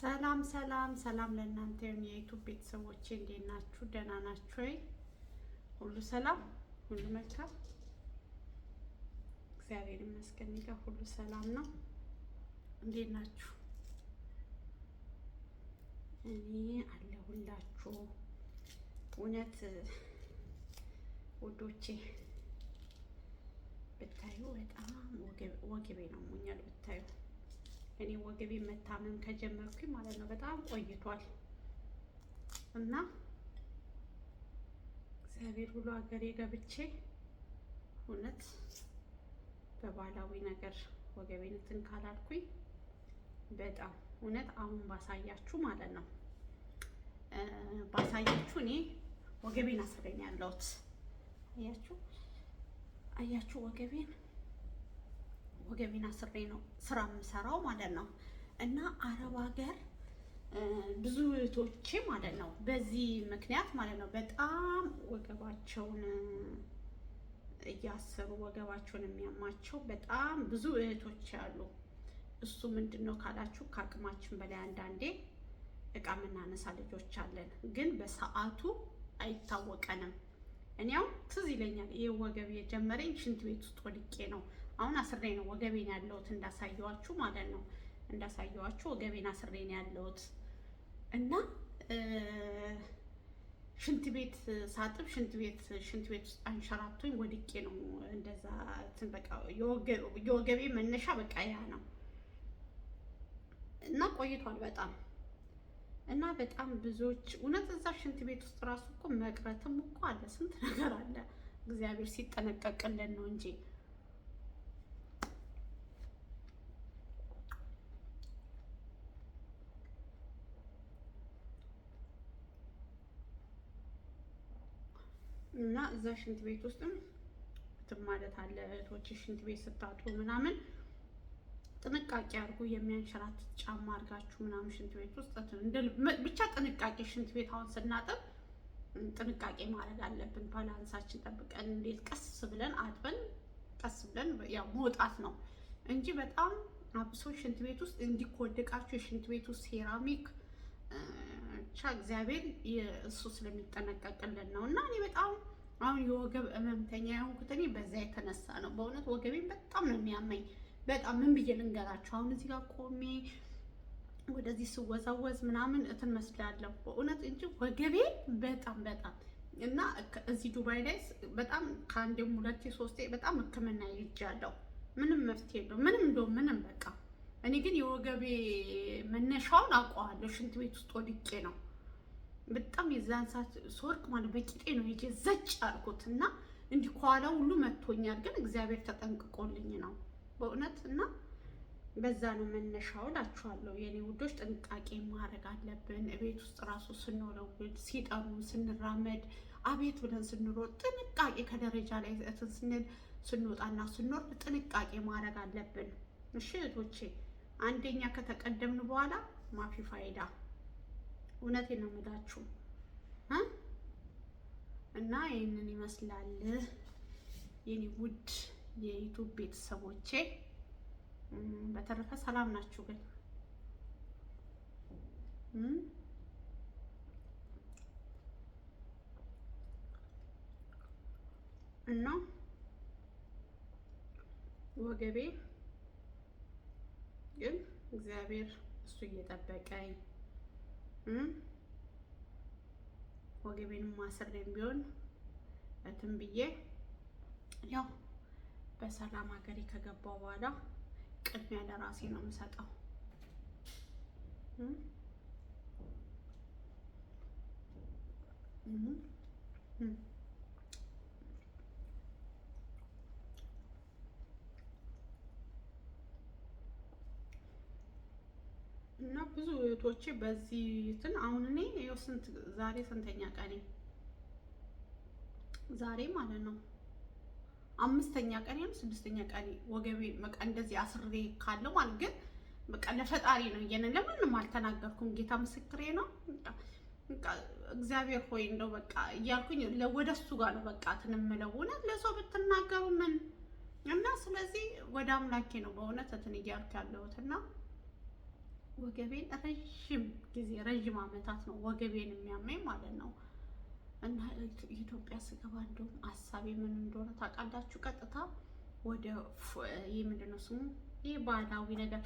ሰላም ሰላም ሰላም ለእናንተ የዩቱብ ቤተሰቦቼ እንዴት ናችሁ? ደህና ናችሁ ወይ? ሁሉ ሰላም፣ ሁሉ መልካም፣ እግዚአብሔር ይመስገን። ጋር ሁሉ ሰላም ነው። እንዴት ናችሁ? እኔ አለሁላችሁ። እውነት ውዶቼ ብታዩ በጣም ወገቤ ነው ሞኛል ብታዩ እኔ ወገቤ መታመም ከጀመርኩኝ ማለት ነው በጣም ቆይቷል እና እግዚአብሔር ብሎ ሀገሬ ገብቼ እውነት በባህላዊ ነገር ወገቤን እንትን ካላልኩኝ በጣም እውነት አሁን ባሳያችሁ ማለት ነው ባሳያችሁ እኔ ወገቤን አስረኛለሁት አያችሁ አያችሁ ወገቤን ወገቤና ስሬ ነው ስራ የምሰራው ማለት ነው። እና አረብ ሀገር ብዙ እህቶቼ ማለት ነው በዚህ ምክንያት ማለት ነው በጣም ወገባቸውን እያሰሩ ወገባቸውን የሚያማቸው በጣም ብዙ እህቶች አሉ እሱ ምንድን ነው ካላችሁ ከአቅማችን በላይ አንዳንዴ እቃ የምናነሳ ልጆች አለን፣ ግን በሰዓቱ አይታወቀንም። እኔ ያው ትዝ ይለኛል ይህ ወገብ የጀመረኝ ሽንት ቤት ውስጥ ወድቄ ነው። አሁን አስሬ ነው ወገቤን ያለሁት እንዳሳየዋችሁ ማለት ነው። እንዳሳየዋችሁ ወገቤን አስሬ ያለውት ያለሁት እና ሽንት ቤት ሳጥብ ሽንት ቤት ሽንት ቤት ውስጥ አንሸራቶኝ ወድቄ ነው እንደዛ እንትን በቃ የወገቤ መነሻ በቃ ያ ነው እና ቆይቷል በጣም እና በጣም ብዙዎች እውነት እዛ ሽንት ቤት ውስጥ ራሱ እኮ መቅረትም እኮ አለ፣ ስንት ነገር አለ። እግዚአብሔር ሲጠነቀቅልን ነው እንጂ እና እዛ ሽንት ቤት ውስጥም እንትን ማለት አለ። እህቶች ሽንት ቤት ስታጡ ምናምን ጥንቃቄ አድርጉ። የሚያንሸራትት ጫማ አድርጋችሁ ምናምን ሽንት ቤት ውስጥ ብቻ ጥንቃቄ። ሽንት ቤት አሁን ስናጥብ ጥንቃቄ ማድረግ አለብን። ባላንሳችን ጠብቀን እንዴት ቀስ ብለን አጥበን ቀስ ብለን ያው መውጣት ነው እንጂ በጣም አብሶ ሽንት ቤት ውስጥ እንዲኮደቃችሁ የሽንት ቤት ውስጥ ሴራሚክ ብቻ እግዚአብሔር እሱ ስለሚጠነቀቅልን ነው እና እኔ በጣም አሁን የወገብ እመምተኛ የሆንኩት እኔ በዛ የተነሳ ነው። በእውነት ወገቤን በጣም ነው የሚያመኝ። በጣም ምን ብዬ ልንገራቸው? አሁን እዚህ ጋር ቆሜ ወደዚህ ስወዛወዝ ምናምን እትን መስላለሁ በእውነት እንጂ ወገቤ በጣም በጣም እና እዚህ ዱባይ ላይ በጣም ከአንዴም ሁለቴ ሶስቴ በጣም ሕክምና ይጃለሁ። ምንም መፍትሄ የለውም። ምንም እንደውም ምንም በቃ እኔ ግን የወገቤ መነሻውን አውቀዋለሁ። ሽንት ቤት ውስጥ ወድቄ ነው በጣም የዛን ሰዓት ማለት በቂጤ ነው ሄጄ ዘጭ አልኩት እና እንዲህ ከኋላ ሁሉ መቶኛል፣ ግን እግዚአብሔር ተጠንቅቆልኝ ነው በእውነት እና በዛ ነው መነሻው እላችኋለሁ የኔ ውዶች። ጥንቃቄ ማድረግ አለብን። ቤት ውስጥ ራሱ ስንወለውል፣ ሲጠሩ፣ ስንራመድ፣ አቤት ብለን ስንሮጥ፣ ጥንቃቄ ከደረጃ ላይ እንትን ስንል፣ ስንወጣና ስንወርድ ጥንቃቄ ማድረግ አለብን። እሺ እህቶቼ፣ አንደኛ ከተቀደምን በኋላ ማፊ ፋይዳ እውነቴን ነው የምላችሁ እና ይህንን ይመስላል የኔ ውድ የዩቱብ ቤተሰቦቼ። በተረፈ ሰላም ናችሁ ግን እና ወገቤ ግን እግዚአብሔር እሱ እየጠበቀኝ ማሰር ማስሬም ቢሆን እትም ብዬ ያው በሰላም ሀገሬ ከገባው በኋላ ቅድሚያ ለራሴ ነው የምሰጠው። እና ብዙ እህቶቼ በዚህ እንትን አሁን እኔ ይኸው ስንት ዛሬ ስንተኛ ቀኔ ዛሬ ማለት ነው አምስተኛ ቀን ነው ስድስተኛ ቀን ወገቤ በቃ እንደዚህ አስሬ ካለው ማለት ግን በቃ ለፈጣሪ ነው እየነ ለማንም አልተናገርኩም። ጌታ ምስክሬ ነው። በቃ እግዚአብሔር ሆይ እንደው በቃ እያልኩኝ ወደ እሱ ጋር ነው በቃ ትንምለው እውነት ለሰው ብትናገሩ ምን እና ስለዚህ ወደ አምላኬ ነው በእውነት እንትን እያልኩ ያለሁት እና ወገቤን ረዥም ጊዜ ረዥም አመታት ነው ወገቤን የሚያመኝ ማለት ነው። እና ኢትዮጵያ ስገባ እንደውም ሀሳቤ ምን እንደሆነ ታውቃላችሁ? ቀጥታ ወደ ይህ ምንድን ነው ስሙ ይህ ባህላዊ ነገር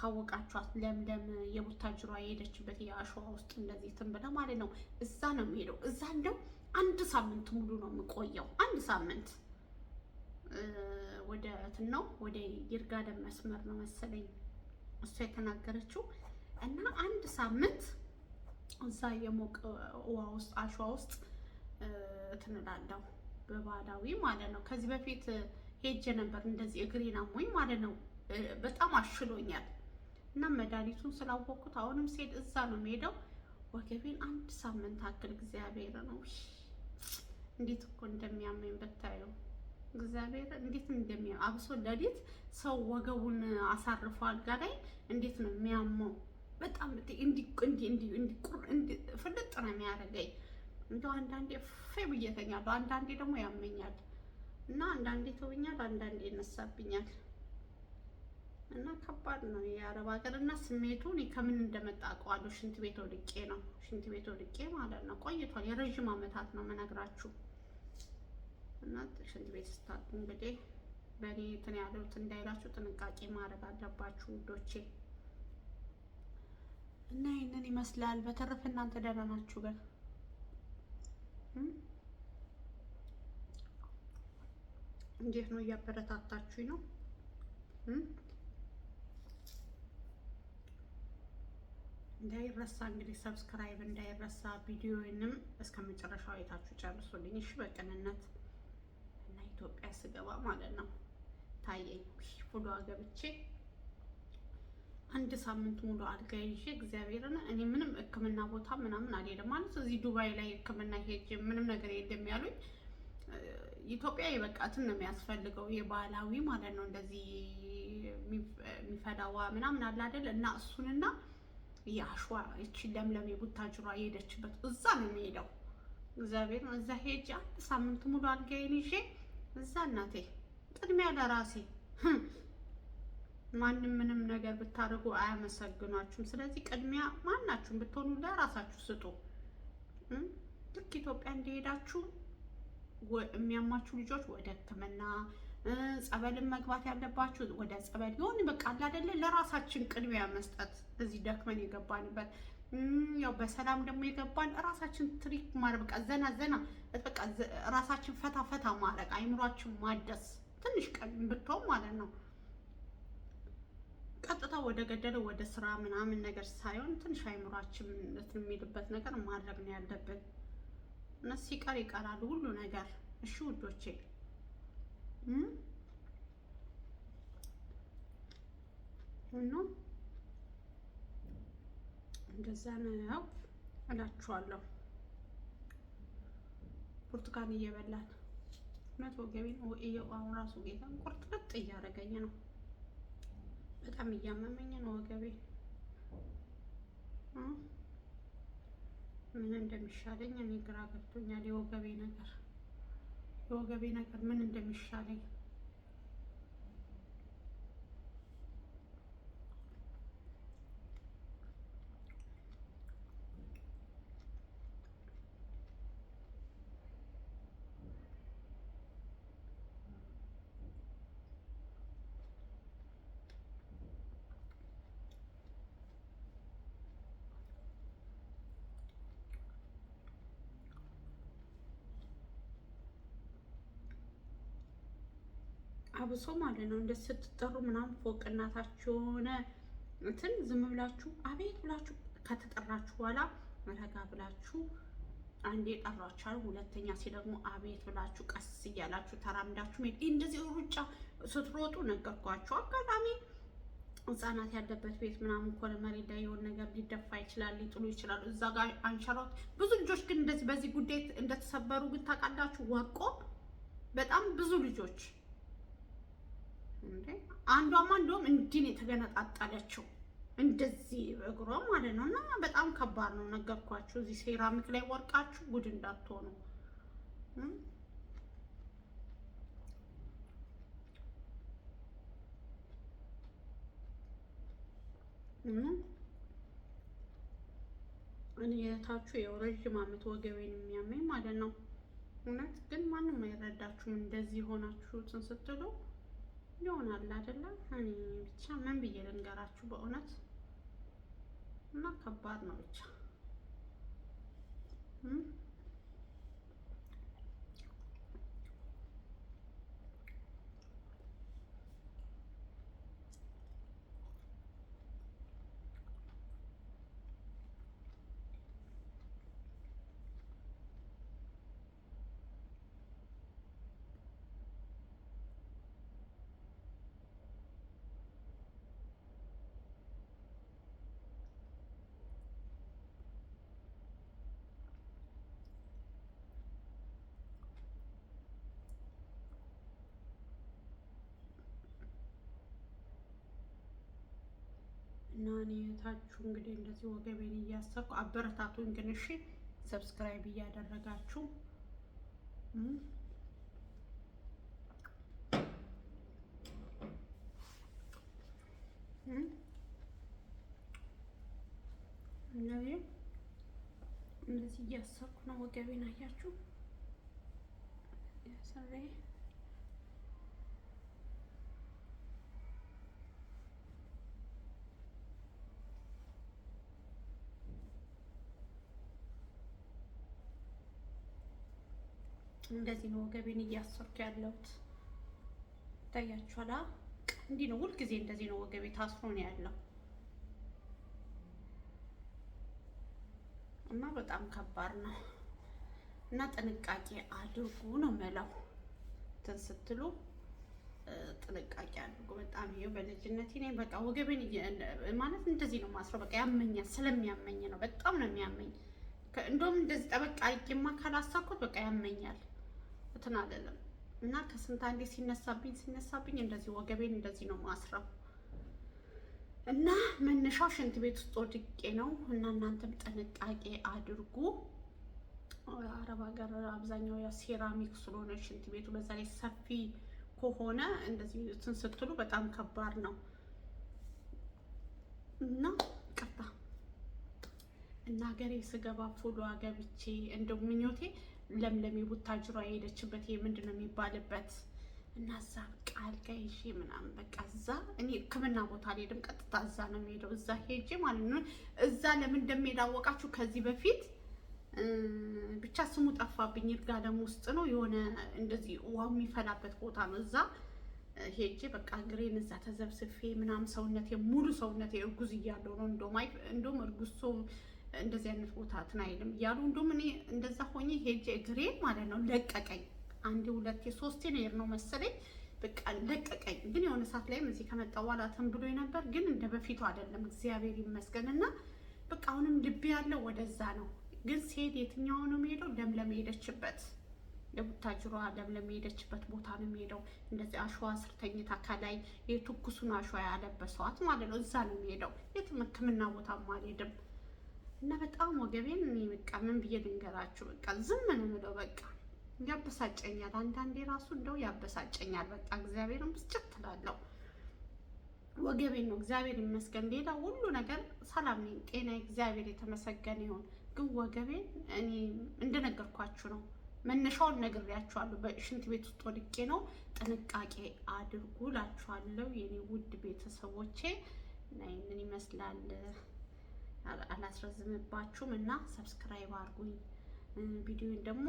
ካወቃችኋት ለምለም የቡታጅሯ የሄደችበት የአሸዋ ውስጥ እንደዚህ ትን ብለ ማለት ነው። እዛ ነው የሚሄደው። እዛ እንደው አንድ ሳምንት ሙሉ ነው የምቆየው። አንድ ሳምንት ወደ እንትን ነው ወደ ይርጋለም መስመር ነው መሰለኝ እሷ የተናገረችው እና አንድ ሳምንት እዛ የሞቀ ውሃ ውስጥ አሸዋ ውስጥ ትንላለሁ በባህላዊ ማለት ነው። ከዚህ በፊት ሄጄ ነበር እንደዚህ እግሬን አሞኝ ማለት ነው። በጣም አሽሎኛል እና መድኃኒቱን ስላወቅኩት አሁንም ስሄድ እዛ ነው የምሄደው። ወገቤን አንድ ሳምንት አክል እግዚአብሔር ነው እንዴት እኮ እንደሚያመኝ በታየው እግዚአብሔር እንዴት እንደሚያ አብሶ ለሊት ሰው ወገቡን አሳርፎ አልጋ ላይ እንዴት ነው የሚያመው? በጣም ፍልጥ ነው የሚያደርገኝ። እንደው አንዳንዴ ፌ ብዬ እተኛለሁ፣ አንዳንዴ ደግሞ ያመኛል እና አንዳንዴ ተውኛል፣ አንዳንዴ ይነሳብኛል እና ከባድ ነው የአረብ ሀገር እና ስሜቱ እኔ ከምን እንደመጣ አውቀዋለሁ። ሽንት ቤት ወድቄ ነው ሽንት ቤት ወድቄ ማለት ነው ቆይቷል። የረዥም አመታት ነው የምነግራችሁ። እና ሽንት ቤት ስታጡ እንግዲህ በእኔ እንትን ያሉት እንዳይላችሁ ጥንቃቄ ማድረግ አለባችሁ ውዶቼ። እና ይህንን ይመስላል። በተረፈ እናንተ ደህና ናችሁ ጋር እንዴት ነው? እያበረታታችሁኝ ነው። እንዳይረሳ እንግዲህ ሰብስክራይብ እንዳይረሳ፣ ቪዲዮንም እስከ መጨረሻው አይታችሁ ጨርሱልኝ እሺ በቅንነት ኢትዮጵያ ስገባ ማለት ነው ታየኝ። ሁሉ አገብቼ አንድ ሳምንት ሙሉ አልጋ ይዤ እግዚአብሔርን እኔ ምንም ሕክምና ቦታ ምናምን አልሄድም ማለት እዚህ ዱባይ ላይ ሕክምና ሄጅ ምንም ነገር የለም ያሉኝ። ኢትዮጵያ የበቃትን ነው የሚያስፈልገው የባህላዊ ማለት ነው እንደዚህ የሚፈዳዋ ምናምን አለ አይደል? እና እሱንና የአሸዋ እቺ ለምለም የቡታጅሯ የሄደችበት እዛ ነው የሚሄደው እግዚአብሔር እዛ ሄጅ አንድ ሳምንት ሙሉ አልጋዬን ይዤ እዛ እናቴ ቅድሚያ ለራሴ ማንም ምንም ነገር ብታደርጉ አያመሰግኗችሁም። ስለዚህ ቅድሚያ ማናችሁም ብትሆኑ ለራሳችሁ ስጡ። ልክ ኢትዮጵያ እንደሄዳችሁ የሚያማችሁ ልጆች ወደ ሕክምና ጸበልን መግባት ያለባችሁ ወደ ጸበል የሆነ በቃ አይደለ ለራሳችን ቅድሚያ መስጠት እዚህ ደክመን የገባንበት ያው በሰላም ደግሞ የገባን ራሳችን ትሪክ ማድረግ በቃ ዘና ዘና በቃ ራሳችን ፈታ ፈታ ማድረግ አይምሯችን ማደስ ትንሽ ቀን ብትሆን ማለት ነው። ቀጥታ ወደ ገደለው ወደ ስራ ምናምን ነገር ሳይሆን ትንሽ አይምሯችን እንትን የሚልበት ነገር ማድረግ ነው ያለብን። እነሱ ሲቀር ይቀራል ሁሉ ነገር። እሺ ውዶቼ እና እንደዛ ነው እላችኋለሁ። ብርቱካን እየበላን እውነት ወገቤን እየው ራሱ ጌታን ቁርጥርጥ እያደረገኝ ነው። በጣም እያመመኝ ነው ወገቤን። ምን እንደሚሻለኝ እኔ ግራ ገብቶኛል። የወገቤ ነገር የወገቤ ነገር ምን እንደሚሻለኝ አብሶ ማለት ነው እንደ ስትጠሩ ምናምን ፎቅ እናታችሁ ሆነ እንትን ዝም ብላችሁ አቤት ብላችሁ ከተጠራችሁ በኋላ ረጋ ብላችሁ አንዴ ጠሯችኋል፣ ሁለተኛ ደግሞ አቤት ብላችሁ ቀስ እያላችሁ ተራምዳችሁ ሄድ። እንደዚህ ሩጫ ስትሮጡ ነገርኳችሁ። አጋጣሚ ህጻናት ያለበት ቤት ምናምን ኮለ መሬት ላይ የሆነ ነገር ሊደፋ ይችላል፣ ሊጥሉ ይችላሉ። እዛ ጋር አንሸራውት ብዙ ልጆች ግን እንደዚህ በዚህ ጉዳይ እንደተሰበሩ ግን ታውቃላችሁ። ወርቆ በጣም ብዙ ልጆች አንዷማ እንደውም እንዲህ ነው የተገነጣጠለችው እንደዚህ እግሯ ማለት ነው። እና በጣም ከባድ ነው ነገርኳችሁ። እዚህ ሴራሚክ ላይ ወርቃችሁ ጉድ እንዳትሆኑ። እኔ እህታችሁ ያው ረዥም ዓመት ወገቤን የሚያመኝ ማለት ነው። እውነት ግን ማንም አይረዳችሁም እንደዚህ ሆናችሁ እንትን ይሆናል አይደለ? እኔ ብቻ ምን ብዬ ልንገራችሁ በእውነት እና ከባድ ነው ብቻ እና እኔ እንግዲህ እንደዚህ ወገቤን እያሰርኩ አበረታቱኝ። ግን እሺ፣ ሰብስክራይብ እያደረጋችሁ እነዚህ እንደዚህ እያሰርኩ ነው ወገቤን። አያችሁ ያሰሬ እንደዚህ ነው ወገቤን እያሰርኩ ያለሁት። ይታያችኋላ። እንዲህ ነው ሁልጊዜ እንደዚህ ነው ወገቤ ታስሮ ነው ያለው እና በጣም ከባድ ነው እና ጥንቃቄ አድርጉ ነው መለው እንትን ስትሉ ጥንቃቄ አድርጉ። በጣም ይኸው በልጅነቴ እኔ በቃ ወገቤን ማለት እንደዚህ ነው ማስረው። በቃ ያመኛል፣ ስለሚያመኝ ነው። በጣም ነው የሚያመኝ። እንደውም እንደዚህ ጠበቃ አድርጌማ ካላሳኩት በቃ ያመኛል። እንትን አለለም እና ከስንት አንዴ ሲነሳብኝ ሲነሳብኝ እንደዚህ ወገቤን እንደዚህ ነው ማስረው እና መነሻው ሽንት ቤት ውስጥ ወድቄ ነው። እና እናንተም ጥንቃቄ አድርጉ። አረብ ሀገር አብዛኛው ያ ሴራሚክ ስለሆነ ሽንት ቤቱ በዛ ላይ ሰፊ ከሆነ እንደዚህ እንትን ስትሉ በጣም ከባድ ነው እና ቀጣ እና ሀገሬ ስገባ ፎሎ አገብቼ እንደው ምኞቴ ለምለም ቡታጅራ የሄደችበት ይሄ ምንድን ነው የሚባልበት እና እዛ ቃል ጋይሽ ምናምን በቃ እዛ እኔ ሕክምና ቦታ አልሄድም። ቀጥታ እዛ ነው የሚሄደው። እዛ ሄጄ ማለት ነው እዛ ለምን እንደሚሄድ አወቃችሁ? ከዚህ በፊት ብቻ ስሙ ጠፋብኝ። ይርጋለም ውስጥ ነው የሆነ እንደዚህ ውሃ የሚፈላበት ቦታ ነው። እዛ ሄጄ በቃ እግሬን እዛ ተዘብስፌ ምናምን ሰውነቴ ሙሉ ሰውነቴ እርጉዝ እያለሁ ነው እንደውም እንደውም እርጉዝ ሰው እንደዚህ አይነት ቦታ እንትን አይልም እያሉ እንደውም እኔ እንደዛ ሆኜ ሄጄ እግሬ ማለት ነው ለቀቀኝ። አንዴ ሁለቴ ሶስቴ ነው ነው መሰለኝ በቃ ለቀቀኝ። ግን የሆነ ሰዓት ላይም እዚህ ከመጣ በኋላ ትን ብሎ ነበር፣ ግን እንደ በፊቱ አይደለም እግዚአብሔር ይመስገንና በቃ አሁንም ልቤ ያለው ወደዛ ነው። ግን ሲሄድ የትኛው ነው የሚሄደው? ለምለም ሄደችበት የቡታጅሯ ለምለም ሄደችበት ቦታ ነው የሚሄደው። እንደዚህ አሸዋ ስር ተኝታ ከላይ የትኩሱን አሸዋ ያለበሰዋት ማለት ነው እዛ ነው የሚሄደው። የትም ሕክምና ቦታም አልሄድም። እና በጣም ወገቤን እኔ በቃ ምን ብዬ ልንገራችሁ፣ በቃ ዝም ነው የምለው። በቃ ያበሳጨኛል፣ አንዳንዴ ራሱ እንደው ያበሳጨኛል። በቃ እግዚአብሔርን ብስጭት ትላለው ወገቤን ነው እግዚአብሔር ይመስገን፣ ሌላ ሁሉ ነገር ሰላም ነኝ፣ ጤና እግዚአብሔር የተመሰገነ ይሁን። ግን ወገቤን እኔ እንደነገርኳችሁ ነው መነሻውን ነግሬያችኋለሁ። በሽንት ቤት ውስጥ ወድቄ ነው። ጥንቃቄ አድርጉ ላችኋለሁ የኔ ውድ ቤተሰቦቼ። ምን ይመስላል። አላስረዝምባችሁም እና ሰብስክራይብ አድርጉኝ። ቪዲዮን ደግሞ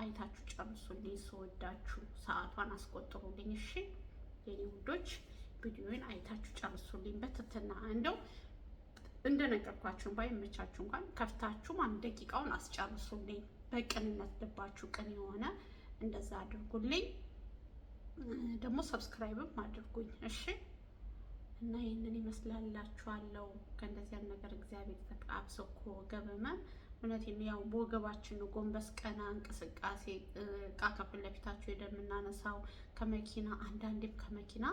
አይታችሁ ጨርሱልኝ። ስወዳችሁ ሰዓቷን አስቆጥሩልኝ። እሺ የኔ ውዶች ቪዲዮን አይታችሁ ጨርሱልኝ በትትና እንደው እንደነገርኳችሁን ባይመቻችሁ እንኳን ከፍታችሁ አንድ ደቂቃውን አስጨርሱልኝ። በቅንነት ልባችሁ ቅን የሆነ እንደዛ አድርጉልኝ። ደግሞ ሰብስክራይብም አድርጉኝ እሺ። እና ይህንን ይመስላላችኋለሁ። ከእንደዚያም ነገር እግዚአብሔር ተቃብ ሰኮ ገብመ እውነት ያው በወገባችን ጎንበስ ቀና እንቅስቃሴ እቃ ከፊት ለፊታቸው የምናነሳው ከመኪና አንዳንዴም ከመኪና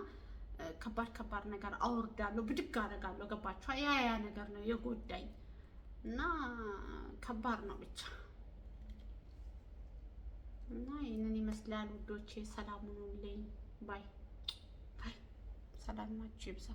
ከባድ ከባድ ነገር አወርዳለሁ፣ ብድግ አደርጋለሁ። ገባችኋ? ያ ያ ነገር ነው የጎዳኝ እና ከባድ ነው ብቻ እና ይህንን ይመስላል ውዶቼ። ሰላም ሁኑልኝ ባይ ሰላማችሁ ይብዛ።